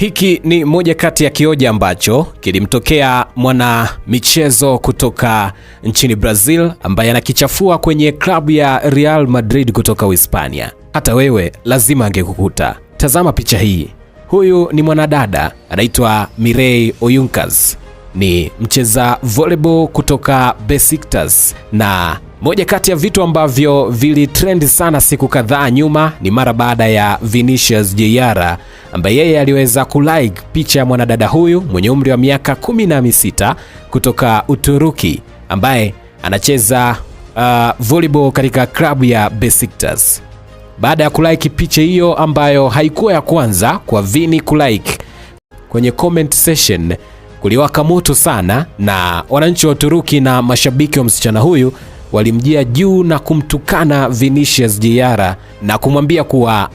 Hiki ni moja kati ya kioja ambacho kilimtokea mwana michezo kutoka nchini Brazil ambaye anakichafua kwenye klabu ya Real Madrid kutoka Uhispania. Hata wewe lazima angekukuta. Tazama picha hii. Huyu ni mwanadada anaitwa Mirei Oyunkas, ni mcheza volleyball kutoka Besiktas na moja kati ya vitu ambavyo vilitrend sana siku kadhaa nyuma ni mara baada ya Vinicius Jr ambaye yeye aliweza kulike picha ya mwanadada huyu mwenye umri wa miaka kumi na sita kutoka Uturuki ambaye anacheza uh, volleyball katika klabu ya Besiktas. Baada ya kulike picha hiyo ambayo haikuwa ya kwanza kwa Vini kulike, kwenye comment session kuliwaka moto sana, na wananchi wa Uturuki na mashabiki wa msichana huyu walimjia juu na kumtukana Vinicius Jr na kumwambia kuwa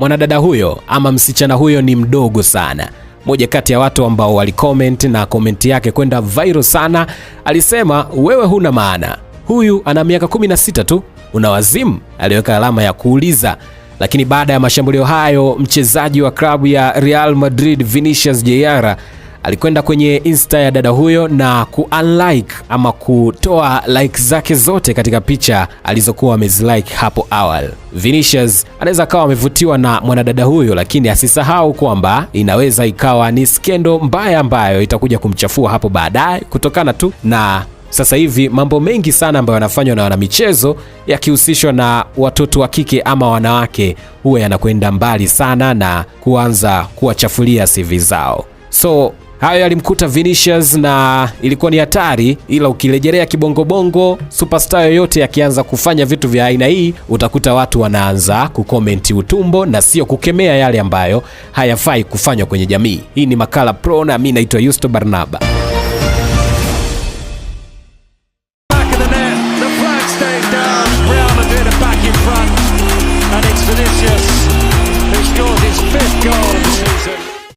mwanadada huyo ama msichana huyo ni mdogo sana. Moja kati ya watu ambao walikomenti na komenti yake kwenda viral sana alisema, wewe huna maana, huyu ana miaka 16 tu, una wazimu. Aliweka alama ya kuuliza. Lakini baada ya mashambulio hayo, mchezaji wa klabu ya Real Madrid Vinicius Jr alikwenda kwenye Insta ya dada huyo na kuunlike ama kutoa like zake zote katika picha alizokuwa amezilike hapo awali. Vinicius anaweza akawa amevutiwa na mwanadada huyo, lakini asisahau kwamba inaweza ikawa ni skendo mbaya ambayo itakuja kumchafua hapo baadaye, kutokana tu na sasa hivi mambo mengi sana ambayo yanafanywa na wanamichezo yakihusishwa na watoto wa kike ama wanawake, huwa yanakwenda mbali sana na kuanza kuwachafulia CV zao. So Hayo yalimkuta Vinicius na ilikuwa ni hatari, ila ukirejelea kibongobongo, superstar yoyote akianza kufanya vitu vya aina hii, utakuta watu wanaanza kukomenti utumbo na sio kukemea yale ambayo hayafai kufanywa kwenye jamii. Hii ni Makala Pro na mimi naitwa Yusto Barnaba.